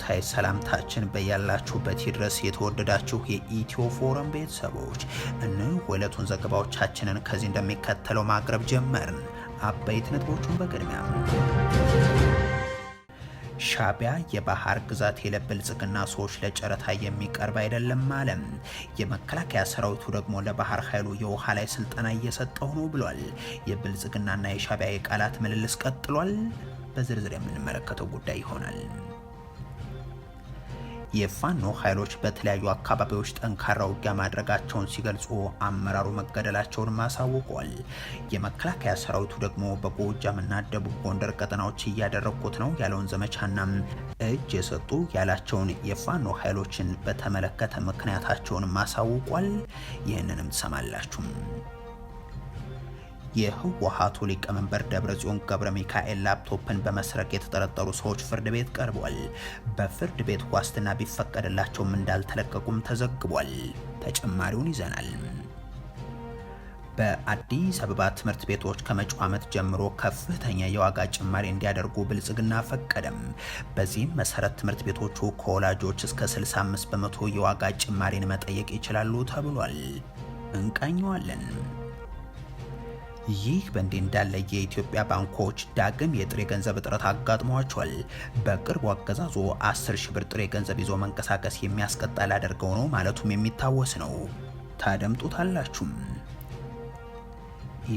ወቅታዊ ሰላምታችን በያላችሁበት ይድረስ። የተወደዳችሁ የኢትዮ ፎረም ቤተሰቦች እነሆ ሁለቱን ዘገባዎቻችንን ከዚህ እንደሚከተለው ማቅረብ ጀመርን። አበይት ነጥቦቹን በቅድሚያ ሻቢያ የባህር ግዛት ለብልጽግና ሰዎች ለጨረታ የሚቀርብ አይደለም አለም። የመከላከያ ሰራዊቱ ደግሞ ለባህር ኃይሉ የውሃ ላይ ስልጠና እየሰጠው ነው ብሏል። የብልጽግናና የሻቢያ የቃላት ምልልስ ቀጥሏል። በዝርዝር የምንመለከተው ጉዳይ ይሆናል። የፋኖ ኃይሎች በተለያዩ አካባቢዎች ጠንካራ ውጊያ ማድረጋቸውን ሲገልጹ አመራሩ መገደላቸውን ማሳውቋል። የመከላከያ ሰራዊቱ ደግሞ በጎጃምና ደቡብ ጎንደር ቀጠናዎች እያደረጉት ነው ያለውን ዘመቻና እጅ የሰጡ ያላቸውን የፋኖ ኃይሎችን በተመለከተ ምክንያታቸውን ማሳውቋል። ይህንንም ትሰማላችሁ። የህወሓቱ ሊቀመንበር ደብረጽዮን ገብረ ሚካኤል ላፕቶፕን በመስረቅ የተጠረጠሩ ሰዎች ፍርድ ቤት ቀርቧል። በፍርድ ቤት ዋስትና ቢፈቀድላቸውም እንዳልተለቀቁም ተዘግቧል። ተጨማሪውን ይዘናል። በአዲስ አበባ ትምህርት ቤቶች ከመጪው ዓመት ጀምሮ ከፍተኛ የዋጋ ጭማሪ እንዲያደርጉ ብልጽግና ፈቀደም። በዚህም መሰረት ትምህርት ቤቶቹ ከወላጆች እስከ 65 በመቶ የዋጋ ጭማሪን መጠየቅ ይችላሉ ተብሏል። እንቃኘዋለን። ይህ በእንዲህ እንዳለ የኢትዮጵያ ባንኮች ዳግም የጥሬ ገንዘብ እጥረት አጋጥሟቸዋል። በቅርቡ አገዛዙ 10 ሺህ ብር ጥሬ ገንዘብ ይዞ መንቀሳቀስ የሚያስቀጣ ላደርገው ነው ማለቱም የሚታወስ ነው። ታደምጡታላችሁም።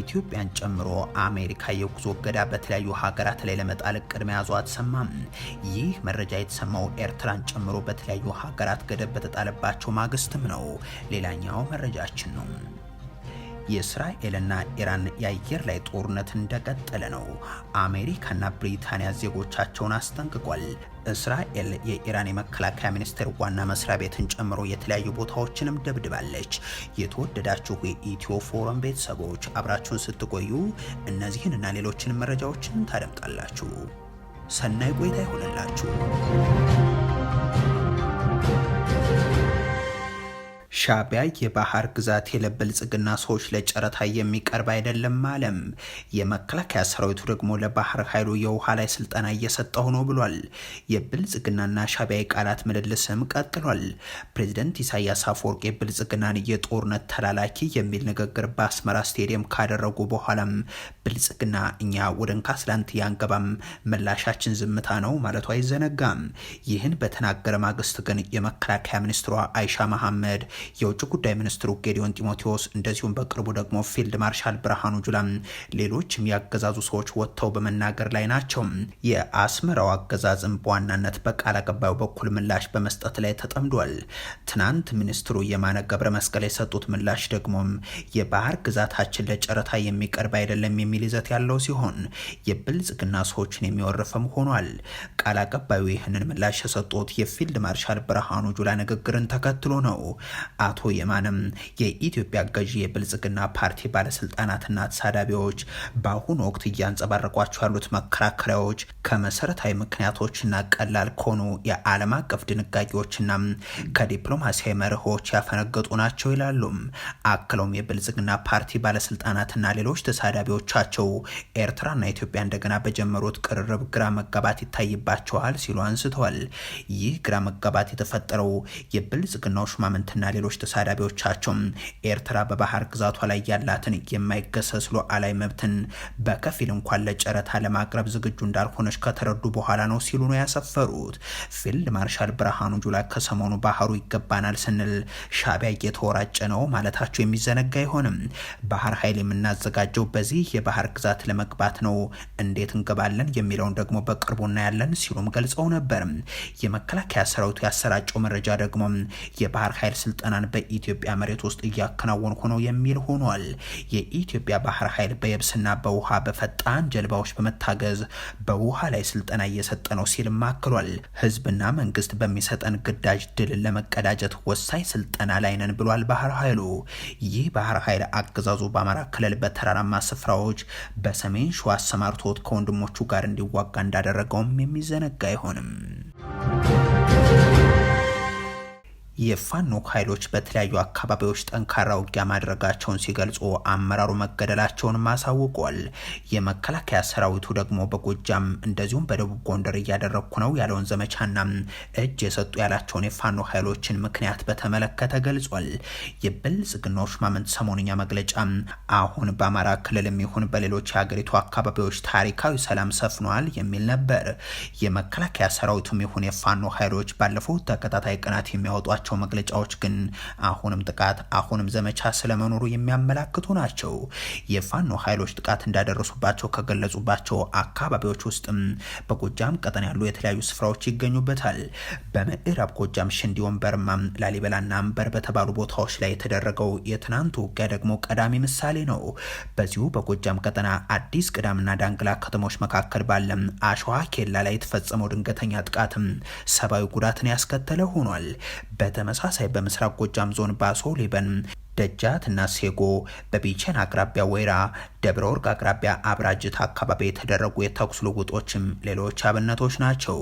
ኢትዮጵያን ጨምሮ አሜሪካ የጉዞ እገዳ በተለያዩ ሀገራት ላይ ለመጣል እቅድ መያዟ አትሰማም። ይህ መረጃ የተሰማው ኤርትራን ጨምሮ በተለያዩ ሀገራት ገደብ በተጣለባቸው ማግስትም ነው። ሌላኛው መረጃችን ነው። የእስራኤልና ኢራን የአየር ላይ ጦርነት እንደቀጠለ ነው። አሜሪካና ብሪታንያ ዜጎቻቸውን አስጠንቅቋል። እስራኤል የኢራን የመከላከያ ሚኒስቴር ዋና መስሪያ ቤትን ጨምሮ የተለያዩ ቦታዎችንም ደብድባለች። የተወደዳችሁ የኢትዮ ፎረም ቤተሰቦች አብራችሁን ስትቆዩ እነዚህን እና ሌሎችንም መረጃዎችን ታደምጣላችሁ። ሰናይ ቆይታ ይሆንላችሁ። ሻቢያ የባህር ግዛት ለብልጽግና ሰዎች ለጨረታ የሚቀርብ አይደለም አለም። የመከላከያ ሰራዊቱ ደግሞ ለባህር ኃይሉ የውሃ ላይ ስልጠና እየሰጠው ነው ብሏል። የብልጽግናና ሻቢያ ቃላት ምልልስም ቀጥሏል። ፕሬዚደንት ኢሳያስ አፈወርቅ የብልጽግናን የጦርነት ተላላኪ የሚል ንግግር በአስመራ ስቴዲየም ካደረጉ በኋላም ብልጽግና እኛ ወደ ያንገባም ምላሻችን ዝምታ ነው ማለቱ አይዘነጋም። ይህን በተናገረ ማግስት ግን የመከላከያ ሚኒስትሯ አይሻ መሐመድ የውጭ ጉዳይ ሚኒስትሩ ጌዲዮን ጢሞቴዎስ እንደዚሁም በቅርቡ ደግሞ ፊልድ ማርሻል ብርሃኑ ጁላ ሌሎችም ያገዛዙ ሰዎች ወጥተው በመናገር ላይ ናቸው። የአስመራው አገዛዝም በዋናነት በቃል አቀባዩ በኩል ምላሽ በመስጠት ላይ ተጠምዷል። ትናንት ሚኒስትሩ የማነ ገብረ መስቀል የሰጡት ምላሽ ደግሞም የባህር ግዛታችን ለጨረታ የሚቀርብ አይደለም የሚል ይዘት ያለው ሲሆን የብልጽግና ሰዎችን የሚወርፍም ሆኗል። ቃል አቀባዩ ይህንን ምላሽ የሰጡት የፊልድ ማርሻል ብርሃኑ ጁላ ንግግርን ተከትሎ ነው። አቶ የማንም የኢትዮጵያ ገዢ የብልጽግና ፓርቲ ባለስልጣናትና ተሳዳቢዎች በአሁኑ ወቅት እያንጸባረቋቸው ያሉት መከራከሪያዎች ከመሰረታዊ ምክንያቶችና ቀላል ከሆኑ የዓለም አቀፍ ድንጋጌዎችና ከዲፕሎማሲያዊ መርሆች ያፈነገጡ ናቸው ይላሉ። አክለውም የብልጽግና ፓርቲ ባለስልጣናትና ሌሎች ተሳዳቢዎቻቸው ኤርትራና ኢትዮጵያ እንደገና በጀመሩት ቅርርብ ግራ መጋባት ይታይባቸዋል ሲሉ አንስተዋል። ይህ ግራ መጋባት የተፈጠረው የብልጽግናው ሹማምንትና ሌሎች ተሳዳቢዎቻቸው ኤርትራ በባህር ግዛቷ ላይ ያላትን የማይገሰስ ሉዓላዊ መብትን በከፊል እንኳን ለጨረታ ለማቅረብ ዝግጁ እንዳልሆነች ከተረዱ በኋላ ነው ሲሉ ነው ያሰፈሩት። ፊልድ ማርሻል ብርሃኑ ጁላ ከሰሞኑ ባህሩ ይገባናል ስንል ሻቢያ እየተወራጨ ነው ማለታቸው የሚዘነጋ አይሆንም። ባህር ኃይል የምናዘጋጀው በዚህ የባህር ግዛት ለመግባት ነው፣ እንዴት እንገባለን የሚለውን ደግሞ በቅርቡ እናያለን ሲሉም ገልጸው ነበር። የመከላከያ ሰራዊቱ ያሰራጨው መረጃ ደግሞ የባህር ኃይል ስልጠና ምዕመናን በኢትዮጵያ መሬት ውስጥ እያከናወንኩ ነው የሚል ሆኗል። የኢትዮጵያ ባህር ኃይል በየብስና በውሃ በፈጣን ጀልባዎች በመታገዝ በውሃ ላይ ስልጠና እየሰጠ ነው ሲል ማክሏል። ህዝብና መንግስት በሚሰጠን ግዳጅ ድል ለመቀዳጀት ወሳኝ ስልጠና ላይ ነን ብሏል። ባህር ኃይሉ ይህ ባህር ኃይል አገዛዙ በአማራ ክልል በተራራማ ስፍራዎች በሰሜን ሸዋ አሰማርቶት ከወንድሞቹ ጋር እንዲዋጋ እንዳደረገውም የሚዘነጋ አይሆንም። የፋኖ ኃይሎች በተለያዩ አካባቢዎች ጠንካራ ውጊያ ማድረጋቸውን ሲገልጹ አመራሩ መገደላቸውን አሳውቋል። የመከላከያ ሰራዊቱ ደግሞ በጎጃም እንደዚሁም በደቡብ ጎንደር እያደረግኩ ነው ያለውን ዘመቻና እጅ የሰጡ ያላቸውን የፋኖ ኃይሎችን ምክንያት በተመለከተ ገልጿል። የብልጽግናው ሹማምንት ሰሞንኛ መግለጫ አሁን በአማራ ክልልም ይሁን በሌሎች የሀገሪቱ አካባቢዎች ታሪካዊ ሰላም ሰፍኗል የሚል ነበር። የመከላከያ ሰራዊቱም ይሁን የፋኖ ኃይሎች ባለፉት ተከታታይ ቀናት የሚያወጧቸው የሚሰጧቸው መግለጫዎች ግን አሁንም ጥቃት አሁንም ዘመቻ ስለመኖሩ የሚያመላክቱ ናቸው። የፋኖ ኃይሎች ጥቃት እንዳደረሱባቸው ከገለጹባቸው አካባቢዎች ውስጥም በጎጃም ቀጠና ያሉ የተለያዩ ስፍራዎች ይገኙበታል። በምዕራብ ጎጃም ሽንዲ ወንበርማ፣ ላሊበላና አንበር በተባሉ ቦታዎች ላይ የተደረገው የትናንቱ ውጊያ ደግሞ ቀዳሚ ምሳሌ ነው። በዚሁ በጎጃም ቀጠና አዲስ ቅዳምና ዳንግላ ከተሞች መካከል ባለም አሸዋ ኬላ ላይ የተፈጸመው ድንገተኛ ጥቃትም ሰብአዊ ጉዳትን ያስከተለ ሆኗል። በተመሳሳይ በምስራቅ ጎጃም ዞን ባሶ ሊበን ደጃት እና ሴጎ በቢቸን አቅራቢያ ወይራ ደብረ ወርቅ አቅራቢያ አብራጅት አካባቢ የተደረጉ የተኩስ ልውጦችም ሌሎች አብነቶች ናቸው።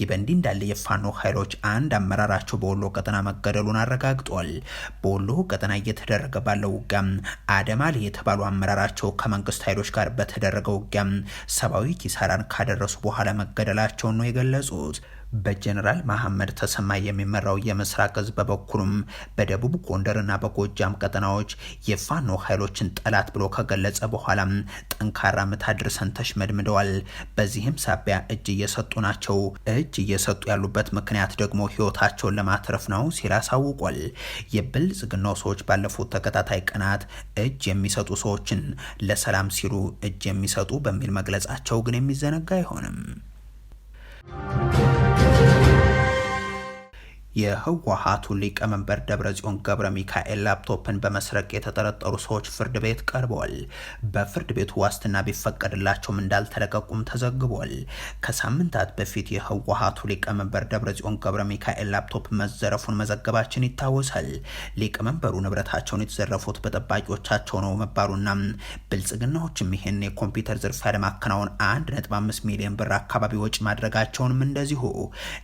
ይህ በእንዲህ እንዳለ የፋኖ ኃይሎች አንድ አመራራቸው በወሎ ቀጠና መገደሉን አረጋግጧል። በወሎ ቀጠና እየተደረገ ባለው ውጊያም አደማል የተባሉ አመራራቸው ከመንግስት ኃይሎች ጋር በተደረገ ውጊያም ሰብአዊ ኪሳራን ካደረሱ በኋላ መገደላቸውን ነው የገለጹት። በጀኔራል መሐመድ ተሰማ የሚመራው የምስራቅ እዝ በበኩሉም በደቡብ ጎንደርና በጎጃም ቀጠናዎች የፋኖ ኃይሎችን ጠላት ብሎ ከገለጸ በኋላም ጠንካራ ምት አድርሰን ተሽመድምደዋል። በዚህም ሳቢያ እጅ እየሰጡ ናቸው። እጅ እየሰጡ ያሉበት ምክንያት ደግሞ ህይወታቸውን ለማትረፍ ነው ሲል አሳውቋል። የብልጽግናው ሰዎች ባለፉት ተከታታይ ቀናት እጅ የሚሰጡ ሰዎችን ለሰላም ሲሉ እጅ የሚሰጡ በሚል መግለጻቸው ግን የሚዘነጋ አይሆንም። የህወሓቱ ሊቀመንበር ደብረጽዮን ገብረ ሚካኤል ላፕቶፕን በመስረቅ የተጠረጠሩ ሰዎች ፍርድ ቤት ቀርበዋል። በፍርድ ቤቱ ዋስትና ቢፈቀድላቸውም እንዳልተለቀቁም ተዘግቧል። ከሳምንታት በፊት የህወሓቱ ሊቀመንበር ደብረጽዮን ገብረ ሚካኤል ላፕቶፕ መዘረፉን መዘገባችን ይታወሳል። ሊቀመንበሩ ንብረታቸውን የተዘረፉት በጠባቂዎቻቸው ነው መባሉና ብልጽግናዎችም ይህን የኮምፒውተር ዝርፊያ ለማከናወን 1.5 ሚሊዮን ብር አካባቢ ወጪ ማድረጋቸውንም እንደዚሁ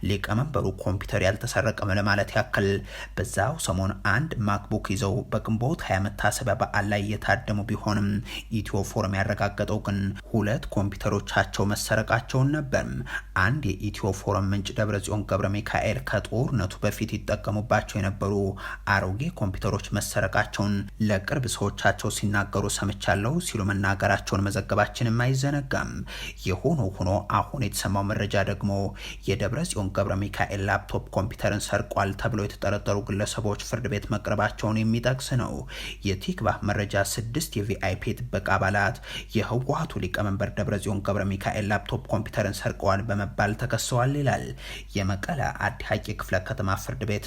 ሊቀመንበሩ ኮምፒውተር ያልተሰረቀ ተጠቀመ ለማለት ያክል። በዛው ሰሞን አንድ ማክቡክ ይዘው በግንቦት ሀያ መታሰቢያ በዓል ላይ እየታደሙ ቢሆንም ኢትዮ ፎረም ያረጋገጠው ግን ሁለት ኮምፒውተሮቻቸው መሰረቃቸውን ነበር። አንድ የኢትዮ ፎረም ምንጭ ደብረ ጽዮን ገብረ ሚካኤል ከጦርነቱ በፊት ይጠቀሙባቸው የነበሩ አሮጌ ኮምፒውተሮች መሰረቃቸውን ለቅርብ ሰዎቻቸው ሲናገሩ ሰምቻለሁ ሲሉ መናገራቸውን መዘገባችንም አይዘነጋም። የሆኖ ሆኖ አሁን የተሰማው መረጃ ደግሞ የደብረ ጽዮን ገብረ ሚካኤል ላፕቶፕ ኮምፒውተርን ሰርቋል ተብለው የተጠረጠሩ ግለሰቦች ፍርድ ቤት መቅረባቸውን የሚጠቅስ ነው። የቲክባ መረጃ ስድስት የቪአይፒ ጥበቃ አባላት የህወሀቱ ሊቀመንበር ደብረጽዮን ገብረ ሚካኤል ላፕቶፕ ኮምፒውተርን ሰርቀዋል በመባል ተከሰዋል ይላል። የመቀለ አዲ ሀቂ ክፍለ ከተማ ፍርድ ቤት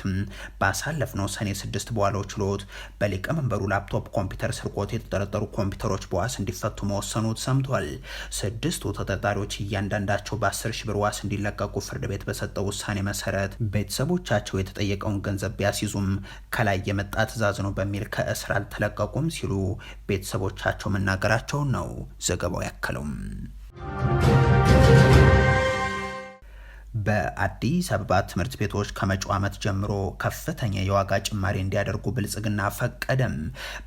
ባሳለፍነው ሰኔ ስድስት በዋለው ችሎት በሊቀመንበሩ ላፕቶፕ ኮምፒውተር ስርቆት የተጠረጠሩ ኮምፒውተሮች በዋስ እንዲፈቱ መወሰኑ ሰምቷል። ስድስቱ ተጠርጣሪዎች እያንዳንዳቸው በ ሺ ብር ዋስ እንዲለቀቁ ፍርድ ቤት በሰጠው ውሳኔ መሰረት ቤተሰቦች አጋሮቻቸው የተጠየቀውን ገንዘብ ቢያስይዙም ከላይ የመጣ ትዕዛዝ ነው በሚል ከእስር አልተለቀቁም ሲሉ ቤተሰቦቻቸው መናገራቸውን ነው ዘገባው ያከለውም። በአዲስ አበባ ትምህርት ቤቶች ከመጪው ዓመት ጀምሮ ከፍተኛ የዋጋ ጭማሪ እንዲያደርጉ ብልጽግና ፈቀደም።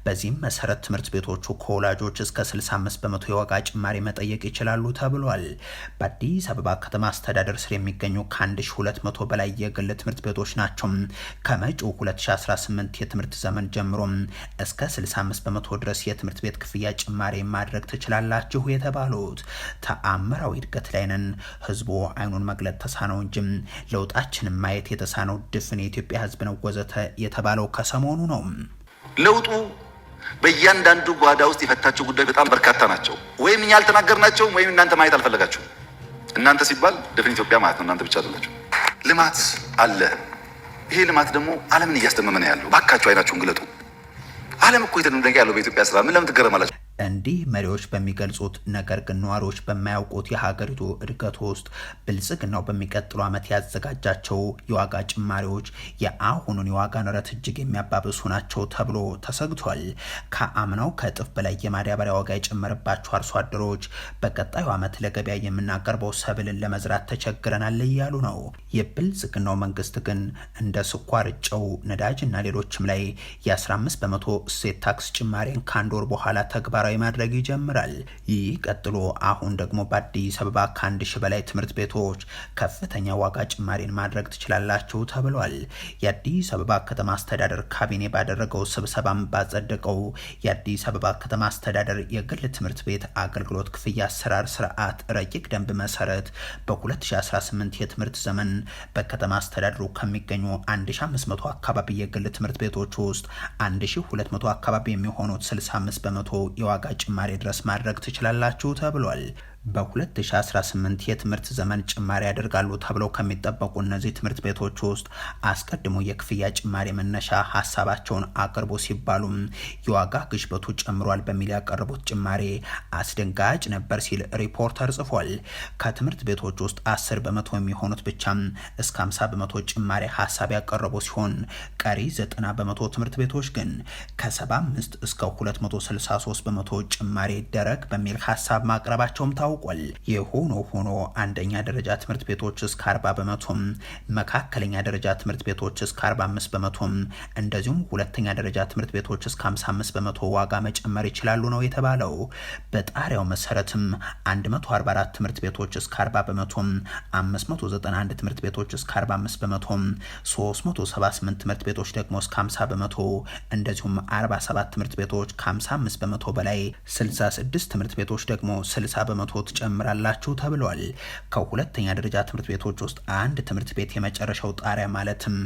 በዚህም መሰረት ትምህርት ቤቶቹ ከወላጆች እስከ 65 በመቶ የዋጋ ጭማሪ መጠየቅ ይችላሉ ተብሏል። በአዲስ አበባ ከተማ አስተዳደር ስር የሚገኙ ከ1200 በላይ የግል ትምህርት ቤቶች ናቸው። ከመጪው 2018 የትምህርት ዘመን ጀምሮ እስከ 65 በመቶ ድረስ የትምህርት ቤት ክፍያ ጭማሪ ማድረግ ትችላላችሁ የተባሉት ተአምራዊ እድገት ላይ ነን፣ ህዝቡ አይኑን መግለጥ የተሳነው እንጂ ለውጣችንን ማየት የተሳነው ድፍን የኢትዮጵያ ህዝብ ነው ወዘተ የተባለው ከሰሞኑ ነው። ለውጡ በእያንዳንዱ ጓዳ ውስጥ የፈታቸው ጉዳይ በጣም በርካታ ናቸው። ወይም እኛ አልተናገርናቸውም ወይም እናንተ ማየት አልፈለጋችሁም። እናንተ ሲባል ድፍን ኢትዮጵያ ማለት ነው። እናንተ ብቻ አይደላችሁ። ልማት አለ። ይሄ ልማት ደግሞ ዓለምን እያስደመመ ነው ያለው። ባካችሁ አይናችሁን ግለጡ። ዓለም እኮ የተደነቀ ያለው በኢትዮጵያ ስራ ምን ለምን ትገረማላችሁ? እንዲህ መሪዎች በሚገልጹት ነገር ግን ነዋሪዎች በማያውቁት የሀገሪቱ እድገት ውስጥ ብልጽግናው በሚቀጥሉ ዓመት ያዘጋጃቸው የዋጋ ጭማሪዎች የአሁኑን የዋጋ ንረት እጅግ የሚያባብሱ ናቸው ተብሎ ተሰግቷል። ከአምናው ከእጥፍ በላይ የማዳበሪያ ዋጋ የጨመረባቸው አርሶ አደሮች በቀጣዩ ዓመት ለገበያ የምናቀርበው ሰብልን ለመዝራት ተቸግረናል እያሉ ነው። የብልጽግናው መንግስት ግን እንደ ስኳር፣ ጨው፣ ነዳጅ እና ሌሎችም ላይ የ15 በመቶ እሴት ታክስ ጭማሪን ከአንድ ወር በኋላ ተግባር ተግባራዊ ማድረግ ይጀምራል። ይህ ቀጥሎ አሁን ደግሞ በአዲስ አበባ ከአንድ ሺህ በላይ ትምህርት ቤቶች ከፍተኛ ዋጋ ጭማሪን ማድረግ ትችላላችሁ ተብሏል። የአዲስ አበባ ከተማ አስተዳደር ካቢኔ ባደረገው ስብሰባም ባጸደቀው የአዲስ አበባ ከተማ አስተዳደር የግል ትምህርት ቤት አገልግሎት ክፍያ አሰራር ስርዓት ረቂቅ ደንብ መሰረት በ2018 የትምህርት ዘመን በከተማ አስተዳደሩ ከሚገኙ 1500 አካባቢ የግል ትምህርት ቤቶች ውስጥ 1200 አካባቢ የሚሆኑት 65 በመቶ የዋ የዋጋ ጭማሪ ድረስ ማድረግ ትችላላችሁ ተብሏል። በ2018 የትምህርት ዘመን ጭማሪ ያደርጋሉ ተብለው ከሚጠበቁ እነዚህ ትምህርት ቤቶች ውስጥ አስቀድሞ የክፍያ ጭማሪ መነሻ ሀሳባቸውን አቅርቦ ሲባሉም የዋጋ ግሽበቱ ጨምሯል በሚል ያቀረቡት ጭማሪ አስደንጋጭ ነበር ሲል ሪፖርተር ጽፏል። ከትምህርት ቤቶች ውስጥ 10 በመቶ የሚሆኑት ብቻም እስከ 50 በመቶ ጭማሪ ሀሳብ ያቀረቡ ሲሆን ቀሪ 90 በመቶ ትምህርት ቤቶች ግን ከ75 እስከ 263 በመቶ ጭማሪ ይደረግ በሚል ሀሳብ ማቅረባቸውም ታው ታውቋል። የሆኖ ሆኖ አንደኛ ደረጃ ትምህርት ቤቶች እስከ 40 በመቶም፣ መካከለኛ ደረጃ ትምህርት ቤቶች እስከ 45 በመቶም፣ እንደዚሁም ሁለተኛ ደረጃ ትምህርት ቤቶች እስከ 55 በመቶ ዋጋ መጨመር ይችላሉ ነው የተባለው። በጣሪያው መሰረትም 144 ትምህርት ቤቶች እስከ 40 በመቶም፣ 591 ትምህርት ቤቶች እስከ 45 በመቶም፣ 378 ትምህርት ቤቶች ደግሞ እስከ 50 በመቶ እንደዚሁም 47 ትምህርት ቤቶች ከ55 በመቶ በላይ 66 ትምህርት ቤቶች ደግሞ 60 በመቶ ትጨምራላችሁ ተብሏል። ከሁለተኛ ደረጃ ትምህርት ቤቶች ውስጥ አንድ ትምህርት ቤት የመጨረሻው ጣሪያ ማለትም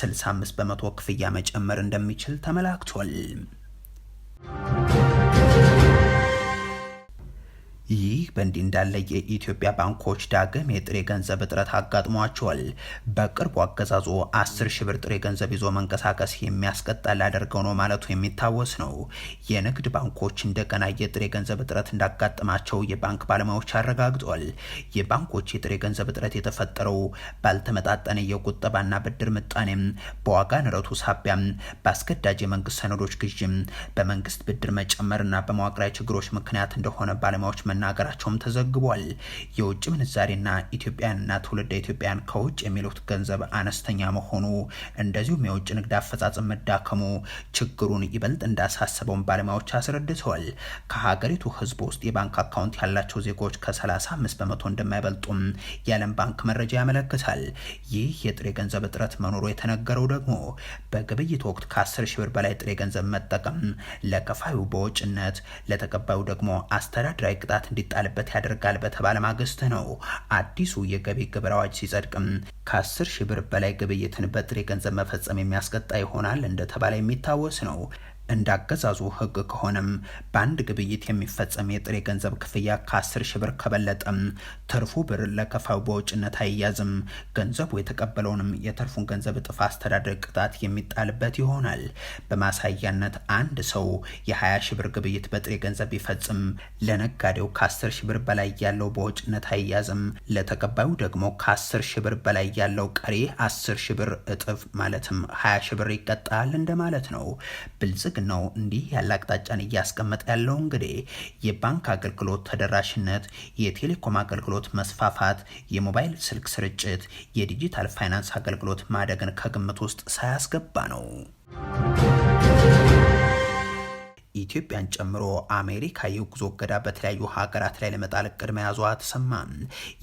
65 በመቶ ክፍያ መጨመር እንደሚችል ተመላክቷል። ይህ በእንዲህ እንዳለ የኢትዮጵያ ባንኮች ዳግም የጥሬ ገንዘብ እጥረት አጋጥሟቸዋል። በቅርቡ አገዛዙ አስር ሺህ ብር ጥሬ ገንዘብ ይዞ መንቀሳቀስ የሚያስቀጣ ላደርገው ነው ማለቱ የሚታወስ ነው። የንግድ ባንኮች እንደገና የጥሬ ገንዘብ እጥረት እንዳጋጠማቸው የባንክ ባለሙያዎች አረጋግጧል። የባንኮች የጥሬ ገንዘብ እጥረት የተፈጠረው ባልተመጣጠነ የቁጠባና ብድር ምጣኔም፣ በዋጋ ንረቱ ሳቢያም፣ በአስገዳጅ የመንግስት ሰነዶች ግዥም፣ በመንግስት ብድር መጨመርና በመዋቅራዊ ችግሮች ምክንያት እንደሆነ ባለሙያዎች መናገራቸውም ተዘግቧል። የውጭ ምንዛሬና ኢትዮጵያንና ትውልደ ኢትዮጵያን ከውጭ የሚሉት ገንዘብ አነስተኛ መሆኑ እንደዚሁም የውጭ ንግድ አፈጻጸም መዳከሙ ችግሩን ይበልጥ እንዳሳሰበውን ባለሙያዎች አስረድተዋል። ከሀገሪቱ ህዝብ ውስጥ የባንክ አካውንት ያላቸው ዜጎች ከ35 በመቶ እንደማይበልጡም የዓለም ባንክ መረጃ ያመለክታል። ይህ የጥሬ ገንዘብ እጥረት መኖሩ የተነገረው ደግሞ በግብይት ወቅት ከ10 ሺህ ብር በላይ ጥሬ ገንዘብ መጠቀም ለከፋዩ በውጭነት ለተቀባዩ ደግሞ አስተዳድራዊ ቅጣት እንዲጣልበት ያደርጋል በተባለ ማግስት ነው አዲሱ የገቢ ግብር አዋጅ ሲጸድቅም ከ10 ሺህ ብር በላይ ግብይትን በጥሬ ገንዘብ መፈጸም የሚያስቀጣ ይሆናል እንደተባለ የሚታወስ ነው። እንዳገዛዙ ህግ ከሆነም በአንድ ግብይት የሚፈጸም የጥሬ ገንዘብ ክፍያ ከ10 ሺ ብር ከበለጠም ትርፉ ብር ለከፋው በውጭነት አይያዝም። ገንዘቡ የተቀበለውንም የተርፉን ገንዘብ እጥፍ አስተዳደር ቅጣት የሚጣልበት ይሆናል። በማሳያነት አንድ ሰው የ20 ሺ ብር ግብይት በጥሬ ገንዘብ ቢፈጽም ለነጋዴው ከ10 ሽብር ብር በላይ ያለው በውጭነት አይያዝም። ለተቀባዩ ደግሞ ከ10 ሽብር ብር በላይ ያለው ቀሪ 10 ሺ ብር እጥፍ ማለትም 20 ሺ ብር ይቀጣል እንደማለት ነው። ብልጽግ ብልጽግናው ነው እንዲህ ያለ አቅጣጫን እያስቀመጠ ያለው። እንግዲህ የባንክ አገልግሎት ተደራሽነት፣ የቴሌኮም አገልግሎት መስፋፋት፣ የሞባይል ስልክ ስርጭት፣ የዲጂታል ፋይናንስ አገልግሎት ማደግን ከግምት ውስጥ ሳያስገባ ነው። ኢትዮጵያን ጨምሮ አሜሪካ የጉዞ እገዳ በተለያዩ ሀገራት ላይ ለመጣል እቅድ መያዟ ተሰማ።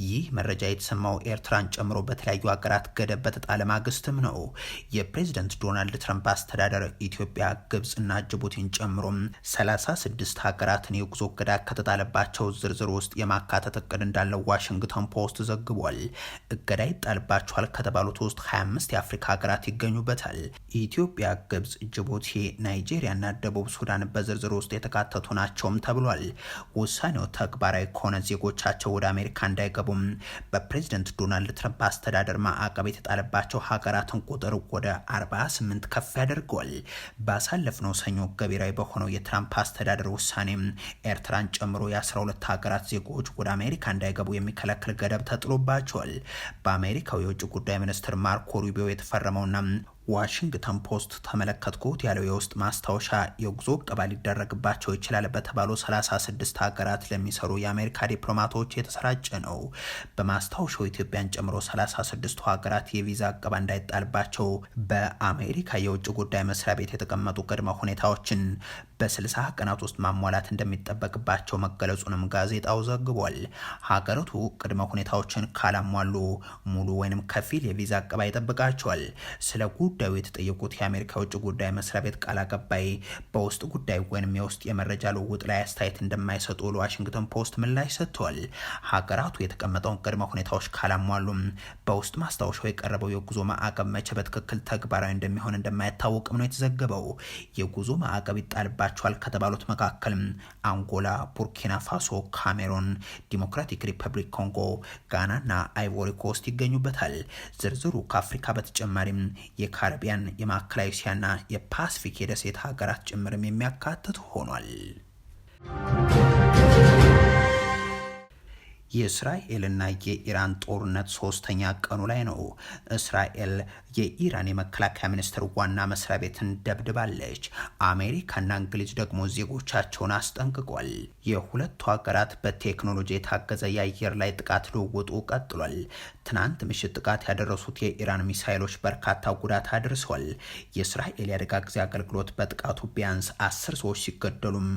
ይህ መረጃ የተሰማው ኤርትራን ጨምሮ በተለያዩ ሀገራት ገደብ በተጣለ ማግስትም ነው። የፕሬዝደንት ዶናልድ ትራምፕ አስተዳደር ኢትዮጵያ፣ ግብፅና ጅቡቲን ጨምሮ 36 ሀገራትን የጉዞ እገዳ ከተጣለባቸው ዝርዝር ውስጥ የማካተት እቅድ እንዳለው ዋሽንግተን ፖስት ዘግቧል። እገዳ ይጣልባቸዋል ከተባሉት ውስጥ 25 የአፍሪካ ሀገራት ይገኙበታል። ኢትዮጵያ፣ ግብፅ ጅቡቲ፣ ናይጄሪያና ደቡብ ሱዳን በ ዝርዝር ውስጥ የተካተቱ ናቸውም ተብሏል። ውሳኔው ተግባራዊ ከሆነ ዜጎቻቸው ወደ አሜሪካ እንዳይገቡም በፕሬዚደንት ዶናልድ ትራምፕ አስተዳደር ማዕቀብ የተጣለባቸው ሀገራትን ቁጥር ወደ 48 ከፍ ያደርገዋል። ባሳለፍነው ሰኞ ገቢራዊ በሆነው የትራምፕ አስተዳደር ውሳኔም ኤርትራን ጨምሮ የ12 ሀገራት ዜጎች ወደ አሜሪካ እንዳይገቡ የሚከለክል ገደብ ተጥሎባቸዋል። በአሜሪካው የውጭ ጉዳይ ሚኒስትር ማርኮ ሩቢዮ የተፈረመውና ዋሽንግተን ፖስት ተመለከትኩት ያለው የውስጥ ማስታወሻ የጉዞ እቀባ ሊደረግባቸው ይችላል በተባሉ 36 ሀገራት ለሚሰሩ የአሜሪካ ዲፕሎማቶች የተሰራጨ ነው። በማስታወሻው ኢትዮጵያን ጨምሮ 36ቱ ሀገራት የቪዛ እቀባ እንዳይጣልባቸው በአሜሪካ የውጭ ጉዳይ መስሪያ ቤት የተቀመጡ ቅድመ ሁኔታዎችን በ60 ቀናት ውስጥ ማሟላት እንደሚጠበቅባቸው መገለጹንም ጋዜጣው ዘግቧል። ሀገራቱ ቅድመ ሁኔታዎችን ካላሟሉ ሙሉ ወይንም ከፊል የቪዛ እቀባ ይጠብቃቸዋል። ስለ ጉዳዩ የተጠየቁት የአሜሪካ ውጭ ጉዳይ መስሪያ ቤት ቃል አቀባይ በውስጥ ጉዳይ ወይም የውስጥ የመረጃ ልውውጥ ላይ አስተያየት እንደማይሰጡ ለዋሽንግተን ፖስት ምላሽ ሰጥቷል። ሀገራቱ የተቀመጠውን ቅድመ ሁኔታዎች ካላሟሉም በውስጥ ማስታወሻው የቀረበው የጉዞ ማዕቀብ መቼ በትክክል ተግባራዊ እንደሚሆን እንደማይታወቅም ነው የተዘገበው። የጉዞ ማዕቀብ ይጣልባቸዋል ከተባሉት መካከል አንጎላ፣ ቡርኪና ፋሶ፣ ካሜሩን፣ ዲሞክራቲክ ሪፐብሊክ ኮንጎ፣ ጋናና አይቮሪ ኮስት ይገኙበታል። ዝርዝሩ ከአፍሪካ በተጨማሪም የካ የካሪቢያን የማዕከላዊ እስያና የፓስፊክ የደሴት ሀገራት ጭምርም የሚያካትት ሆኗል። የእስራኤልና የኢራን ጦርነት ሶስተኛ ቀኑ ላይ ነው። እስራኤል የኢራን የመከላከያ ሚኒስቴር ዋና መስሪያ ቤትን ደብድባለች። አሜሪካና እንግሊዝ ደግሞ ዜጎቻቸውን አስጠንቅቋል። የሁለቱ ሀገራት በቴክኖሎጂ የታገዘ የአየር ላይ ጥቃት ልውውጡ ቀጥሏል። ትናንት ምሽት ጥቃት ያደረሱት የኢራን ሚሳይሎች በርካታ ጉዳት አድርሰዋል። የእስራኤል የአደጋ ጊዜ አገልግሎት በጥቃቱ ቢያንስ አስር ሰዎች ሲገደሉም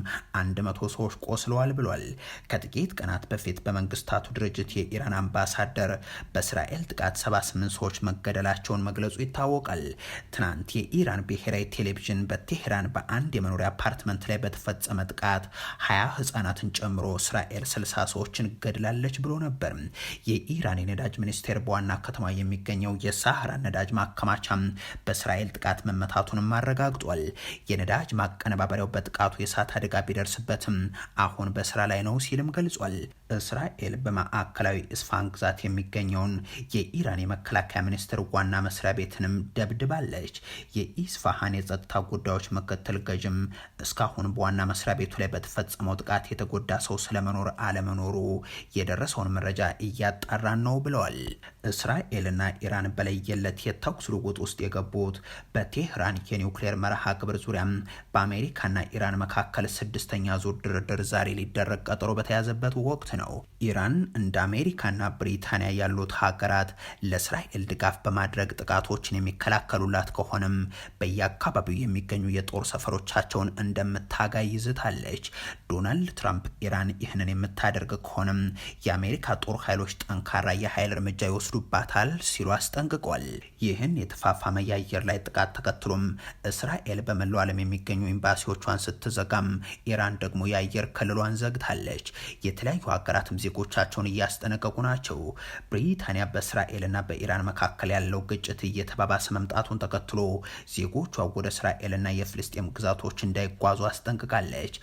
አንድ መቶ ሰዎች ቆስለዋል ብሏል። ከጥቂት ቀናት በፊት በመንግስት የመንግስታቱ ድርጅት የኢራን አምባሳደር በእስራኤል ጥቃት 78 ሰዎች መገደላቸውን መግለጹ ይታወቃል። ትናንት የኢራን ብሔራዊ ቴሌቪዥን በቴሄራን በአንድ የመኖሪያ አፓርትመንት ላይ በተፈጸመ ጥቃት 20 ህጻናትን ጨምሮ እስራኤል 60 ሰዎችን ገድላለች ብሎ ነበር። የኢራን የነዳጅ ሚኒስቴር በዋና ከተማ የሚገኘው የሳህራ ነዳጅ ማከማቻ በእስራኤል ጥቃት መመታቱንም አረጋግጧል። የነዳጅ ማቀነባበሪያው በጥቃቱ የእሳት አደጋ ቢደርስበትም አሁን በስራ ላይ ነው ሲልም ገልጿል። እስራኤል እስራኤል በማዕከላዊ እስፋን ግዛት የሚገኘውን የኢራን የመከላከያ ሚኒስቴር ዋና መስሪያ ቤትንም ደብድባለች። የኢስፋሃን የጸጥታ ጉዳዮች ምክትል ገዥም እስካሁን በዋና መስሪያ ቤቱ ላይ በተፈጸመው ጥቃት የተጎዳ ሰው ስለመኖር አለመኖሩ የደረሰውን መረጃ እያጣራን ነው ብለዋል። እስራኤልና ኢራን በለየለት የተኩስ ልውውጥ ውስጥ የገቡት በቴህራን የኒውክሌር መርሃ ግብር ዙሪያም በአሜሪካና ኢራን መካከል ስድስተኛ ዙር ድርድር ዛሬ ሊደረግ ቀጠሮ በተያዘበት ወቅት ነው። ኢራን እንደ አሜሪካና ብሪታንያ ያሉት ሀገራት ለእስራኤል ድጋፍ በማድረግ ጥቃቶችን የሚከላከሉላት ከሆነም በየአካባቢው የሚገኙ የጦር ሰፈሮቻቸውን እንደምታጋይ ይዝታለች። ዶናልድ ትራምፕ ኢራን ይህንን የምታደርግ ከሆነም የአሜሪካ ጦር ኃይሎች ጠንካራ የኃይል እርምጃ ይወስ ይወስዱባታል ሲሉ አስጠንቅቋል። ይህን የተፋፋመ የአየር ላይ ጥቃት ተከትሎም እስራኤል በመላው ዓለም የሚገኙ ኤምባሲዎቿን ስትዘጋም፣ ኢራን ደግሞ የአየር ክልሏን ዘግታለች። የተለያዩ ሀገራትም ዜጎቻቸውን እያስጠነቀቁ ናቸው። ብሪታንያ በእስራኤልና በኢራን መካከል ያለው ግጭት እየተባባሰ መምጣቱን ተከትሎ ዜጎቿ ወደ እስራኤልና የፍልስጤም ግዛቶች እንዳይጓዙ አስጠንቅቃለች።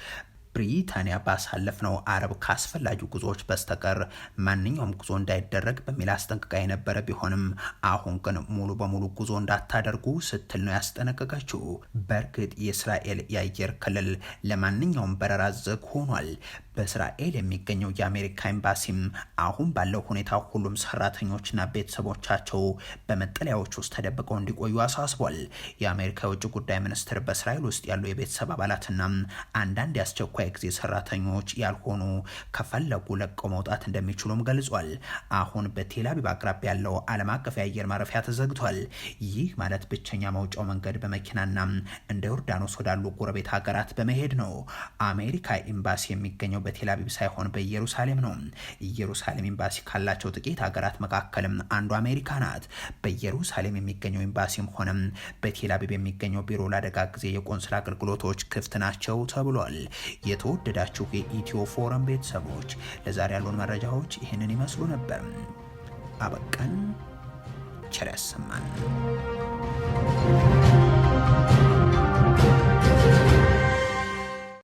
ብሪታንያ ባሳለፍነው አረብ ካስፈላጊ ጉዞዎች በስተቀር ማንኛውም ጉዞ እንዳይደረግ በሚል አስጠንቅቃ የነበረ ቢሆንም አሁን ግን ሙሉ በሙሉ ጉዞ እንዳታደርጉ ስትል ነው ያስጠነቀቀችው። በእርግጥ የእስራኤል የአየር ክልል ለማንኛውም በረራ ዝግ ሆኗል። በእስራኤል የሚገኘው የአሜሪካ ኤምባሲም አሁን ባለው ሁኔታ ሁሉም ሰራተኞችና ቤተሰቦቻቸው በመጠለያዎች ውስጥ ተደብቀው እንዲቆዩ አሳስቧል። የአሜሪካ የውጭ ጉዳይ ሚኒስትር በእስራኤል ውስጥ ያሉ የቤተሰብ አባላትና አንዳንድ የአስቸኳይ ጊዜ ሰራተኞች ያልሆኑ ከፈለጉ ለቀው መውጣት እንደሚችሉም ገልጿል። አሁን በቴልአቪቭ አቅራቢያ ያለው ዓለም አቀፍ የአየር ማረፊያ ተዘግቷል። ይህ ማለት ብቸኛ መውጫው መንገድ በመኪናና እንደ ዮርዳኖስ ወዳሉ ጎረቤት ሀገራት በመሄድ ነው። አሜሪካ ኤምባሲ የሚገኘው በቴልአቪቭ ሳይሆን በኢየሩሳሌም ነው። ኢየሩሳሌም ኤምባሲ ካላቸው ጥቂት ሀገራት መካከልም አንዱ አሜሪካ ናት። በኢየሩሳሌም የሚገኘው ኤምባሲም ሆነም በቴልአቪቭ የሚገኘው ቢሮ ለአደጋ ጊዜ የቆንስል አገልግሎቶች ክፍት ናቸው ተብሏል። የተወደዳችሁ የኢትዮ ፎረም ቤተሰቦች ለዛሬ ያሉን መረጃዎች ይህንን ይመስሉ ነበር። አበቃን። ቸር ያሰማን።